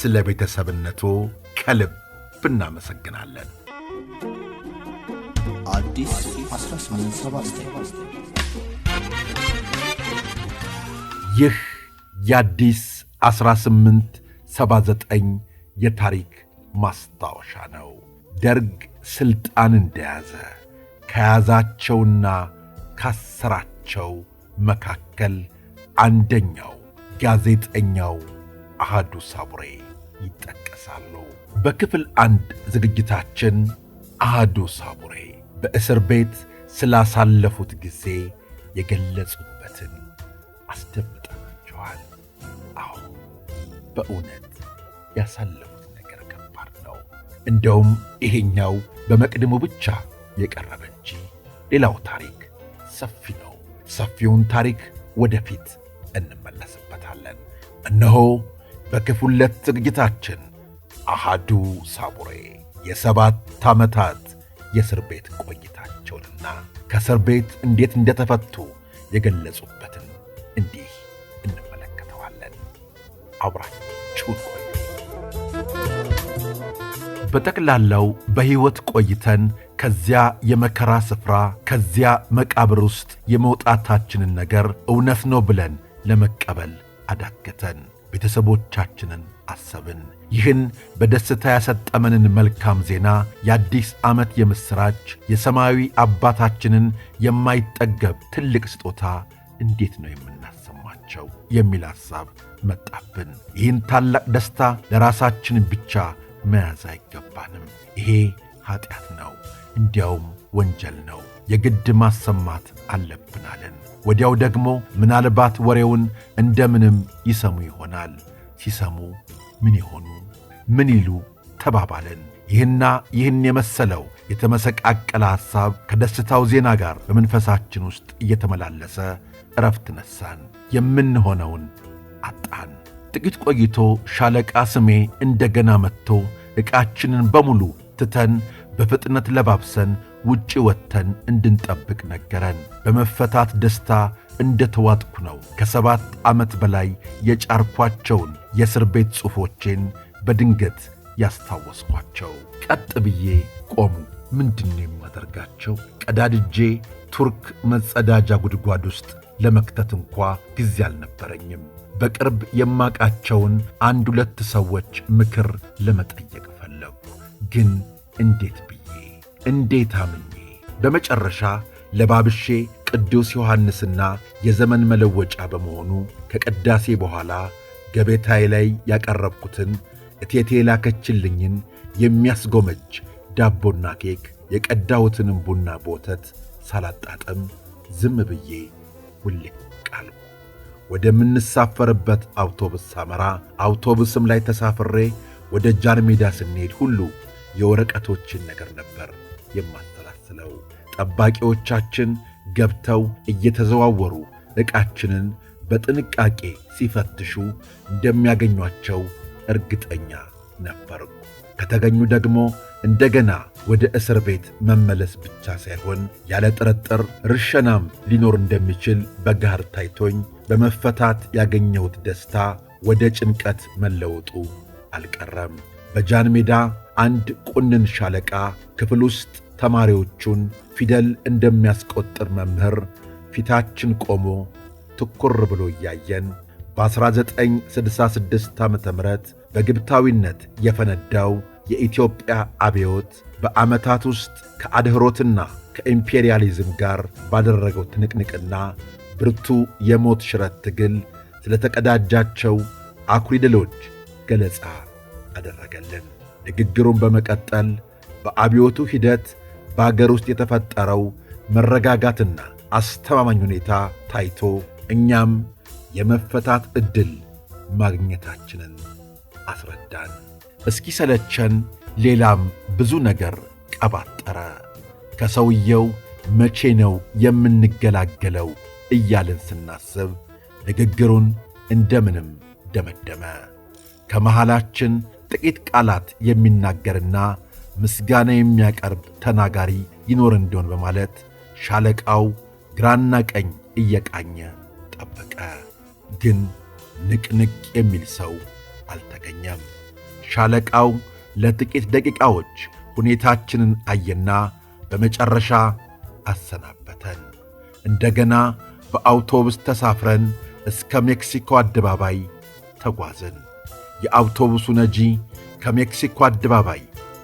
ስለ ቤተሰብነቱ ከልብ እናመሰግናለን። ይህ የአዲስ 1879 የታሪክ ማስታወሻ ነው። ደርግ ሥልጣን እንደያዘ ከያዛቸውና ካሰራቸው መካከል አንደኛው ጋዜጠኛው አህዱ ሳቡሬ ይጠቀሳሉ። በክፍል አንድ ዝግጅታችን አዶ ሳቡሬ በእስር ቤት ስላሳለፉት ጊዜ የገለጹበትን አስደምጠናችኋል። አሁን በእውነት ያሳለፉት ነገር ከባድ ነው። እንደውም ይሄኛው በመቅድሙ ብቻ የቀረበ እንጂ ሌላው ታሪክ ሰፊ ነው። ሰፊውን ታሪክ ወደፊት እንመለስበታለን። እነሆ በክፉለት ዝግጅታችን አሃዱ ሳቡሬ የሰባት ዓመታት የእስር ቤት ቆይታቸውንና ከእስር ቤት እንዴት እንደተፈቱ የገለጹበትን እንዲህ እንመለከተዋለን። አብራችሁን ቆዩ። በጠቅላላው በሕይወት ቆይተን ከዚያ የመከራ ስፍራ ከዚያ መቃብር ውስጥ የመውጣታችንን ነገር እውነት ነው ብለን ለመቀበል አዳገተን። ቤተሰቦቻችንን አሰብን። ይህን በደስታ ያሰጠመንን መልካም ዜና የአዲስ ዓመት የምሥራች፣ የሰማያዊ አባታችንን የማይጠገብ ትልቅ ስጦታ እንዴት ነው የምናሰማቸው የሚል ሐሳብ መጣብን። ይህን ታላቅ ደስታ ለራሳችን ብቻ መያዝ አይገባንም። ይሄ ኀጢአት ነው፣ እንዲያውም ወንጀል ነው። የግድ ማሰማት አለብናለን። ወዲያው ደግሞ ምናልባት ወሬውን እንደምንም ይሰሙ ይሆናል። ሲሰሙ ምን ይሆኑ ምን ይሉ ተባባልን። ይህና ይህን የመሰለው የተመሰቃቀለ ሐሳብ ከደስታው ዜና ጋር በመንፈሳችን ውስጥ እየተመላለሰ እረፍት ነሳን። የምንሆነውን አጣን። ጥቂት ቆይቶ ሻለቃ ስሜ እንደገና መጥቶ ዕቃችንን በሙሉ ትተን በፍጥነት ለባብሰን ውጭ ወጥተን እንድንጠብቅ ነገረን። በመፈታት ደስታ እንደ ተዋጥኩ ነው ከሰባት ዓመት በላይ የጫርኳቸውን የእስር ቤት ጽሑፎቼን በድንገት ያስታወስኳቸው። ቀጥ ብዬ ቆሙ። ምንድን የማደርጋቸው? ቀዳድጄ ቱርክ መጸዳጃ ጉድጓድ ውስጥ ለመክተት እንኳ ጊዜ አልነበረኝም። በቅርብ የማቃቸውን አንድ ሁለት ሰዎች ምክር ለመጠየቅ ፈለጉ፣ ግን እንዴት ብዬ እንዴት አምኜ በመጨረሻ ለባብሼ ቅዱስ ዮሐንስና የዘመን መለወጫ በመሆኑ ከቅዳሴ በኋላ ገበታዬ ላይ ያቀረብኩትን እቴቴ ላከችልኝን የሚያስጎመጅ ዳቦና ኬክ የቀዳሁትንም ቡና በወተት ሳላጣጥም ዝም ብዬ ውልቅ ቃሉ። ወደምንሳፈርበት አውቶቡስ ሳመራ፣ አውቶቡስም ላይ ተሳፍሬ ወደ ጃንሜዳ ስንሄድ ሁሉ የወረቀቶችን ነገር ነበር የማሰላስለው። ጠባቂዎቻችን ገብተው እየተዘዋወሩ ዕቃችንን በጥንቃቄ ሲፈትሹ እንደሚያገኟቸው እርግጠኛ ነበርኩ። ከተገኙ ደግሞ እንደገና ወደ እስር ቤት መመለስ ብቻ ሳይሆን ያለ ጥርጥር ርሸናም ሊኖር እንደሚችል በጋር ታይቶኝ በመፈታት ያገኘሁት ደስታ ወደ ጭንቀት መለወጡ አልቀረም። በጃን ሜዳ አንድ ቁንን ሻለቃ ክፍል ውስጥ ተማሪዎቹን ፊደል እንደሚያስቆጥር መምህር ፊታችን ቆሞ ትኩር ብሎ እያየን በ1966 ዓ ም በግብታዊነት የፈነዳው የኢትዮጵያ አብዮት በዓመታት ውስጥ ከአድህሮትና ከኢምፔሪያሊዝም ጋር ባደረገው ትንቅንቅና ብርቱ የሞት ሽረት ትግል ስለተቀዳጃቸው አኩሪ ድሎች ገለጻ አደረገልን። ንግግሩን በመቀጠል በአብዮቱ ሂደት በአገር ውስጥ የተፈጠረው መረጋጋትና አስተማማኝ ሁኔታ ታይቶ እኛም የመፈታት ዕድል ማግኘታችንን አስረዳን። እስኪ ሰለቸን ሌላም ብዙ ነገር ቀባጠረ። ከሰውየው መቼ ነው የምንገላገለው እያልን ስናስብ ንግግሩን እንደምንም ደመደመ። ከመሃላችን ጥቂት ቃላት የሚናገርና ምስጋና የሚያቀርብ ተናጋሪ ይኖር እንዲሆን በማለት ሻለቃው ግራና ቀኝ እየቃኘ ጠበቀ። ግን ንቅንቅ የሚል ሰው አልተገኘም። ሻለቃው ለጥቂት ደቂቃዎች ሁኔታችንን አየና በመጨረሻ አሰናበተን። እንደገና በአውቶቡስ ተሳፍረን እስከ ሜክሲኮ አደባባይ ተጓዝን። የአውቶቡሱ ነጂ ከሜክሲኮ አደባባይ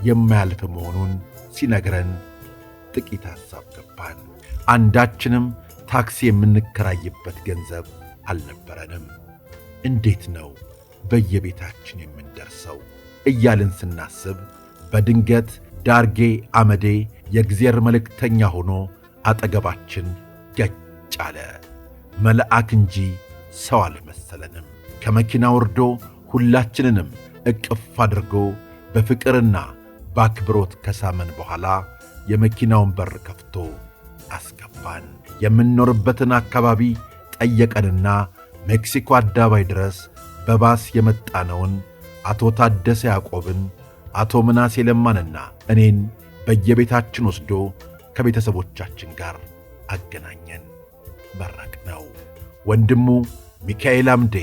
የማያልፍ መሆኑን ሲነግረን ጥቂት ሐሳብ ገባን። አንዳችንም ታክሲ የምንከራይበት ገንዘብ አልነበረንም። እንዴት ነው በየቤታችን የምንደርሰው እያልን ስናስብ በድንገት ዳርጌ አመዴ የእግዜር መልእክተኛ ሆኖ አጠገባችን ገጭ አለ። መልአክ እንጂ ሰው አልመሰለንም። ከመኪና ወርዶ ሁላችንንም እቅፍ አድርጎ በፍቅርና በአክብሮት ከሳመን በኋላ የመኪናውን በር ከፍቶ አስገባን። የምንኖርበትን አካባቢ ጠየቀንና ሜክሲኮ አዳባይ ድረስ በባስ የመጣነውን አቶ ታደሰ ያዕቆብን፣ አቶ ምናሴ ለማንና እኔን በየቤታችን ወስዶ ከቤተሰቦቻችን ጋር አገናኘን። መረቅ ነው። ወንድሙ ሚካኤል አምዴ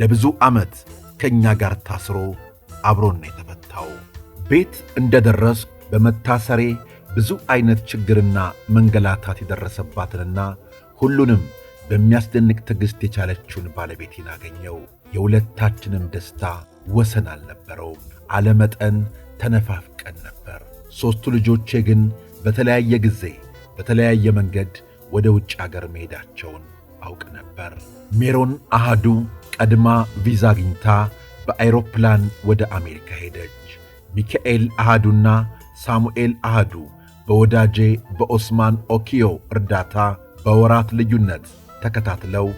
ለብዙ ዓመት ከእኛ ጋር ታስሮ አብሮን የተፈታው። ቤት እንደደረስኩ በመታሰሬ ብዙ አይነት ችግርና መንገላታት የደረሰባትንና ሁሉንም በሚያስደንቅ ትዕግሥት የቻለችውን ባለቤቴን አገኘው። የሁለታችንም ደስታ ወሰን አልነበረውም። አለመጠን ተነፋፍቀን ነበር። ሦስቱ ልጆቼ ግን በተለያየ ጊዜ በተለያየ መንገድ ወደ ውጭ አገር መሄዳቸውን አውቅ ነበር። ሜሮን አሃዱ ቀድማ ቪዛ አግኝታ በአይሮፕላን ወደ አሜሪካ ሄደች። ሚካኤል አሃዱና ሳሙኤል አሃዱ በወዳጄ በኦስማን ኦኪዮ እርዳታ በወራት ልዩነት ተከታትለው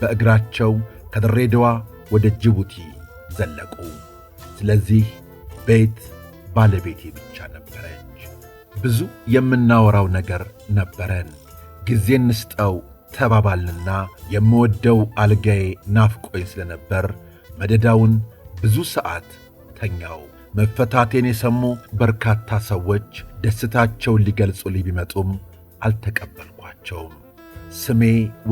በእግራቸው ከድሬዳዋ ወደ ጅቡቲ ዘለቁ። ስለዚህ ቤት ባለቤቴ ብቻ ነበረች። ብዙ የምናወራው ነገር ነበረን። ጊዜ እንስጠው ተባባልንና የምወደው አልጋዬ ናፍቆኝ ስለነበር መደዳውን ብዙ ሰዓት ተኛው። መፈታቴን የሰሙ በርካታ ሰዎች ደስታቸውን ሊገልጹልኝ ቢመጡም አልተቀበልኳቸውም። ስሜ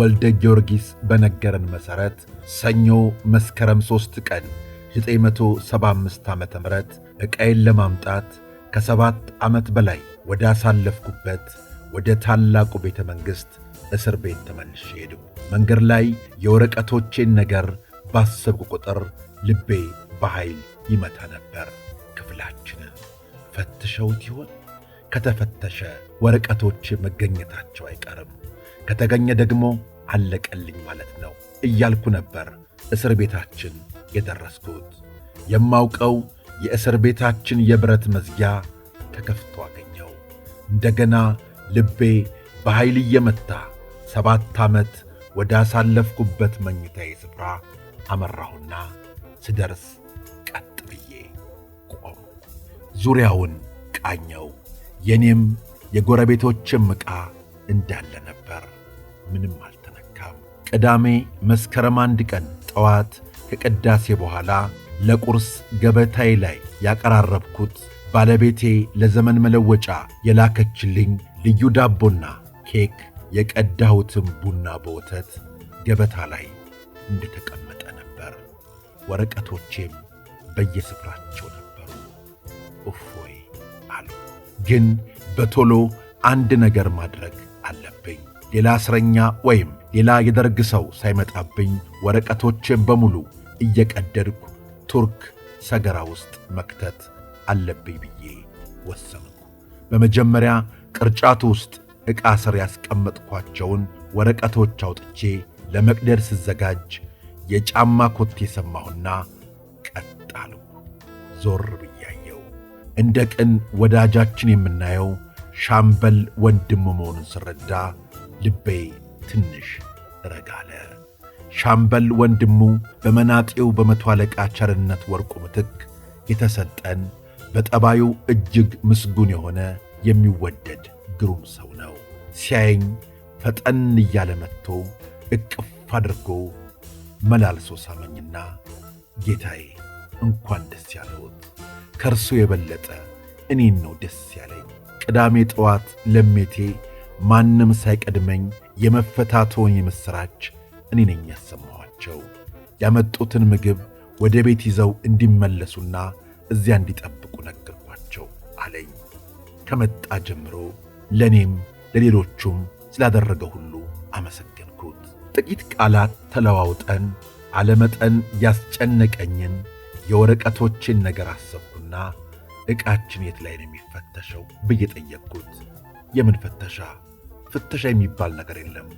ወልደ ጊዮርጊስ በነገረን መሠረት ሰኞ መስከረም 3 ቀን 975 ዓ ም ዕቃዬን ለማምጣት ከሰባት ዓመት በላይ ወደ አሳለፍኩበት ወደ ታላቁ ቤተ መንግሥት እስር ቤት ተመልሼ ሄድኩ። መንገድ ላይ የወረቀቶቼን ነገር ባሰብኩ ቁጥር ልቤ በኃይል ይመታ ነበር። ክፍላችንን ፈትሸውት ይሆን? ከተፈተሸ ወረቀቶች መገኘታቸው አይቀርም፣ ከተገኘ ደግሞ አለቀልኝ ማለት ነው እያልኩ ነበር እስር ቤታችን የደረስኩት። የማውቀው የእስር ቤታችን የብረት መዝጊያ ተከፍቶ አገኘው። እንደገና ልቤ በኃይል እየመታ ሰባት ዓመት ወዳሳለፍኩበት መኝታዬ ስፍራ አመራሁና ስደርስ ቀጥ ብዬ ቆም ዙሪያውን ቃኘው። የእኔም የጎረቤቶችም ዕቃ እንዳለ ነበር። ምንም አልተነካም። ቅዳሜ መስከረም አንድ ቀን ጠዋት ከቅዳሴ በኋላ ለቁርስ ገበታዬ ላይ ያቀራረብኩት ባለቤቴ ለዘመን መለወጫ የላከችልኝ ልዩ ዳቦና ኬክ የቀዳሁትም ቡና በወተት ገበታ ላይ እንደተቀመጠ ነበር። ወረቀቶቼም በየስፍራቸው ነበሩ። እፎይ አሉ። ግን በቶሎ አንድ ነገር ማድረግ አለብኝ። ሌላ እስረኛ ወይም ሌላ የደርግ ሰው ሳይመጣብኝ ወረቀቶቼን በሙሉ እየቀደድኩ ቱርክ ሰገራ ውስጥ መክተት አለብኝ ብዬ ወሰንኩ። በመጀመሪያ ቅርጫቱ ውስጥ ዕቃ ስር ያስቀመጥኳቸውን ወረቀቶች አውጥቼ ለመቅደር ስዘጋጅ የጫማ ኮቴ ሰማሁና ቀጥ አሉ ዞር ብያየው እንደ ቅን ወዳጃችን የምናየው ሻምበል ወንድሙ መሆኑን ስረዳ ልቤ ትንሽ ረጋለ። ሻምበል ወንድሙ በመናጤው በመቶ አለቃ ቸርነት ወርቁ ምትክ የተሰጠን በጠባዩ እጅግ ምስጉን የሆነ የሚወደድ ግሩም ሰው ነው። ሲያየኝ ፈጠን እያለ መጥቶ እቅፍ አድርጎ መላልሶ ሳመኝና ጌታዬ እንኳን ደስ ያለዎት፣ ከእርሶ የበለጠ እኔን ነው ደስ ያለኝ። ቅዳሜ ጠዋት ለሜቴ ማንም ሳይቀድመኝ የመፈታቶን የምሥራች እኔ ነኝ ያሰማኋቸው። ያመጡትን ምግብ ወደ ቤት ይዘው እንዲመለሱና እዚያ እንዲጠብቁ ነገርኳቸው አለኝ። ከመጣ ጀምሮ ለእኔም ለሌሎቹም ስላደረገ ሁሉ አመሰገንኩት። ጥቂት ቃላት ተለዋውጠን አለመጠን ያስጨነቀኝን የወረቀቶችን ነገር አሰብኩና ዕቃችን የት ላይ ነው የሚፈተሸው ብዬ ጠየቅኩት። የምን ፍተሻ? ፍተሻ የሚባል ነገር የለም።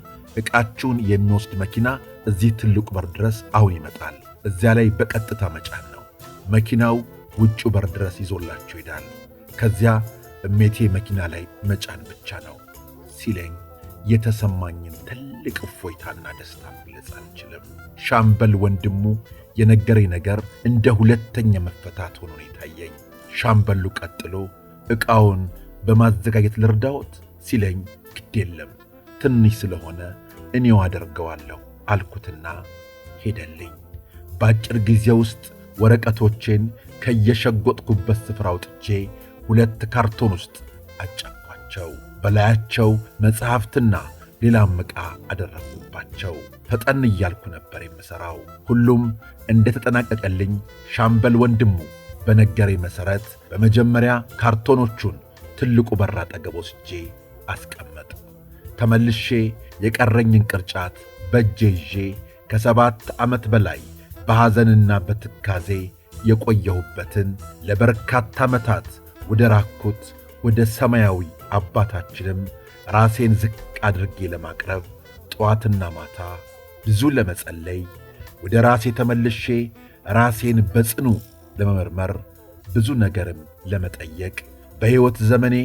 ዕቃችሁን የሚወስድ መኪና እዚህ ትልቁ በር ድረስ አሁን ይመጣል። እዚያ ላይ በቀጥታ መጫን ነው። መኪናው ውጩ በር ድረስ ይዞላችሁ ይሄዳል። ከዚያ እሜቴ መኪና ላይ መጫን ብቻ ነው። ሲለኝ የተሰማኝን ትልቅ እፎይታና ደስታ መግለጽ አልችልም። ሻምበል ወንድሙ የነገረኝ ነገር እንደ ሁለተኛ መፈታት ሆኖ ነው የታየኝ። ሻምበሉ ቀጥሎ ዕቃውን በማዘጋጀት ልርዳዎት ሲለኝ ግድ የለም ትንሽ ስለሆነ እኔው አደርገዋለሁ አልኩትና ሄደልኝ። በአጭር ጊዜ ውስጥ ወረቀቶቼን ከየሸጎጥኩበት ስፍራ አውጥቼ ሁለት ካርቶን ውስጥ አጫኳቸው። በላያቸው መጽሐፍትና ሌላም ዕቃ አደረጉባቸው። ፈጠን እያልኩ ነበር የምሠራው። ሁሉም እንደተጠናቀቀልኝ ሻምበል ወንድሙ በነገሬ መሠረት በመጀመሪያ ካርቶኖቹን ትልቁ በር አጠገብ ወስጄ አስቀመጥ ተመልሼ የቀረኝን ቅርጫት በእጄ ይዤ ከሰባት ዓመት በላይ በሐዘንና በትካዜ የቆየሁበትን ለበርካታ ዓመታት ወደ ራኩት ወደ ሰማያዊ አባታችንም ራሴን ዝቅ አድርጌ ለማቅረብ ጠዋትና ማታ ብዙ ለመጸለይ ወደ ራሴ ተመልሼ ራሴን በጽኑ ለመመርመር ብዙ ነገርም ለመጠየቅ በሕይወት ዘመኔ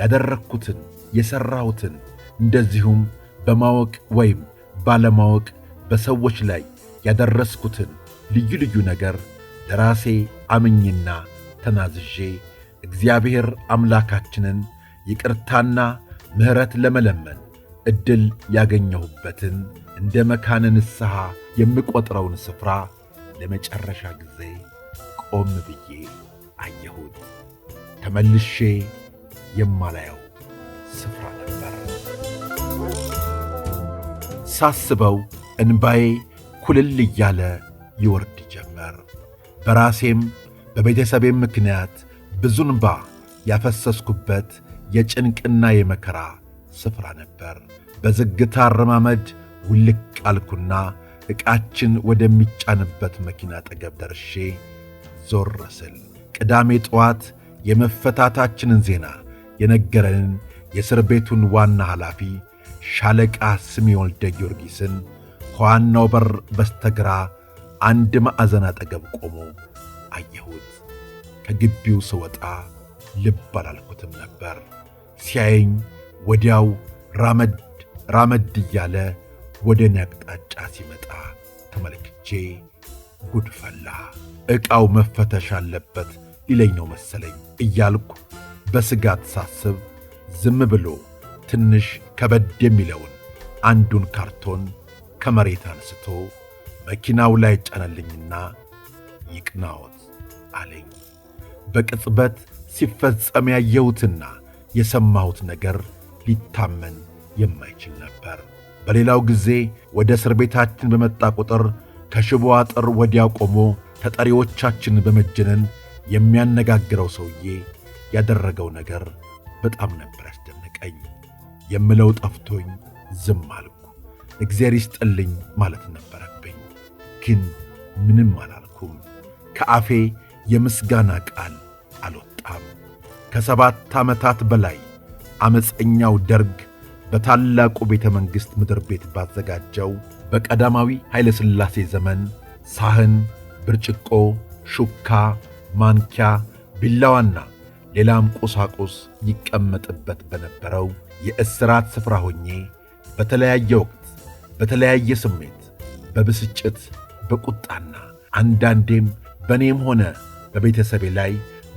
ያደረግኩትን የሠራሁትን እንደዚሁም በማወቅ ወይም ባለማወቅ በሰዎች ላይ ያደረስኩትን ልዩ ልዩ ነገር ለራሴ አምኝና ተናዝዤ እግዚአብሔር አምላካችንን ይቅርታና ምሕረት ለመለመን ዕድል ያገኘሁበትን እንደ መካነ ንስሐ የምቈጥረውን ስፍራ ለመጨረሻ ጊዜ ቆም ብዬ አየሁት። ተመልሼ የማላየው ስፍራ ነበር። ሳስበው እንባዬ ኩልል እያለ ይወርድ ጀመር። በራሴም በቤተሰቤም ምክንያት ብዙ እንባ ያፈሰስኩበት የጭንቅና የመከራ ስፍራ ነበር። በዝግታ አረማመድ ውልቅ አልኩና ዕቃችን ወደሚጫንበት መኪና አጠገብ ደርሼ ዞር ስል ቅዳሜ ጠዋት የመፈታታችንን ዜና የነገረንን የእስር ቤቱን ዋና ኃላፊ ሻለቃ ስምዖን ወልደ ጊዮርጊስን ከዋናው በር በስተግራ አንድ ማዕዘን አጠገብ ቆሞ አየሁት። ከግቢው ስወጣ ልብ አላልኩትም ነበር። ሲያየኝ ወዲያው ራመድ ራመድ እያለ ወደ እኔ አቅጣጫ ሲመጣ ተመልክቼ ጉድ ፈላ። ዕቃው መፈተሽ አለበት ሊለኝ ነው መሰለኝ እያልኩ በስጋት ሳስብ ዝም ብሎ ትንሽ ከበድ የሚለውን አንዱን ካርቶን ከመሬት አንስቶ መኪናው ላይ ጫነልኝና ይቅናዎት አለኝ። በቅጽበት ሲፈጸም ያየሁትና የሰማሁት ነገር ሊታመን የማይችል ነበር። በሌላው ጊዜ ወደ እስር ቤታችን በመጣ ቁጥር ከሽቦ አጥር ወዲያ ቆሞ ተጠሪዎቻችን በመጀነን የሚያነጋግረው ሰውዬ ያደረገው ነገር በጣም ነበር ያስደነቀኝ። የምለው ጠፍቶኝ ዝም አልኩ። እግዚአብሔር ይስጥልኝ ማለት ነበረብኝ፣ ግን ምንም አላልኩም። ከአፌ የምስጋና ቃል አልወጣም። ከሰባት ዓመታት በላይ ዐመፀኛው ደርግ በታላቁ ቤተ መንግሥት ምድር ቤት ባዘጋጀው በቀዳማዊ ኃይለ ሥላሴ ዘመን ሳህን፣ ብርጭቆ፣ ሹካ፣ ማንኪያ፣ ቢላዋና ሌላም ቁሳቁስ ይቀመጥበት በነበረው የእስራት ስፍራ ሆኜ በተለያየ ወቅት በተለያየ ስሜት በብስጭት በቁጣና አንዳንዴም በእኔም ሆነ በቤተሰቤ ላይ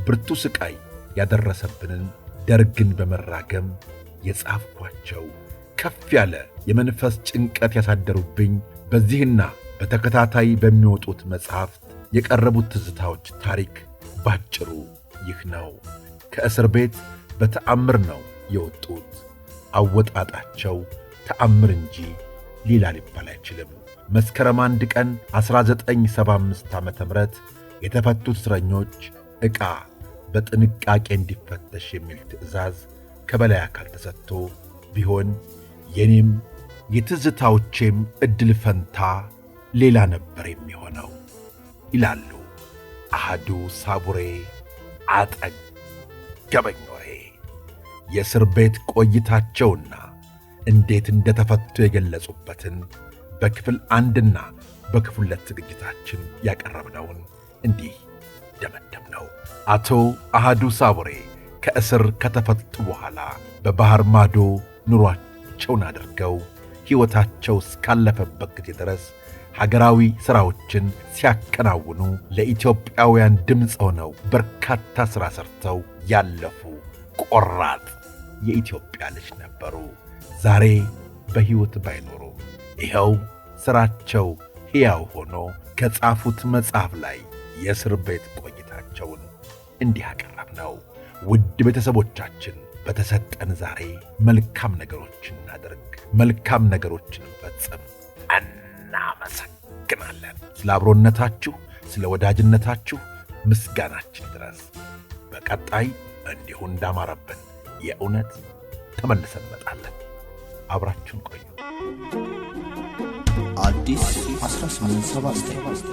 ብርቱ ሥቃይ ያደረሰብንን ደርግን በመራገም የጻፍኳቸው ከፍ ያለ የመንፈስ ጭንቀት ያሳደሩብኝ በዚህና በተከታታይ በሚወጡት መጽሐፍት የቀረቡት ትዝታዎች ታሪክ ባጭሩ ይህ ነው። ከእስር ቤት በተአምር ነው የወጡት። አወጣጣቸው ተአምር እንጂ ሌላ ሊባል አይችልም። መስከረም አንድ ቀን 1975 ዓ ም የተፈቱት እስረኞች ዕቃ በጥንቃቄ እንዲፈተሽ የሚል ትዕዛዝ ከበላይ አካል ተሰጥቶ ቢሆን የኔም የትዝታዎቼም ዕድል ፈንታ ሌላ ነበር የሚሆነው ይላሉ አህዱ ሳቡሬ። አጠግ ገበኞሬ የእስር ቤት ቆይታቸውና እንዴት ተፈቱ የገለጹበትን በክፍል አንድና በክፍል ሁለት ዝግጅታችን ያቀረብነውን እንዲህ አቶ አህዱ ሳቡሬ ከእስር ከተፈቱ በኋላ በባህር ማዶ ኑሯቸውን አድርገው ሕይወታቸው እስካለፈበት ጊዜ ድረስ ሀገራዊ ሥራዎችን ሲያከናውኑ ለኢትዮጵያውያን ድምፅ ሆነው በርካታ ሥራ ሠርተው ያለፉ ቆራጥ የኢትዮጵያ ልጅ ነበሩ። ዛሬ በሕይወት ባይኖሩ ይኸው ሥራቸው ሕያው ሆኖ ከጻፉት መጽሐፍ ላይ የእስር ቤት ቆይታቸውን እንዲህ አቀረብ ነው። ውድ ቤተሰቦቻችን በተሰጠን ዛሬ መልካም ነገሮችን እናድርግ፣ መልካም ነገሮችን እንፈጽም። እናመሰግናለን ስለ አብሮነታችሁ፣ ስለ ወዳጅነታችሁ ምስጋናችን ድረስ። በቀጣይ እንዲሁ እንዳማረብን የእውነት ተመልሰን እንመጣለን። አብራችሁን ቆዩ። አዲስ 1879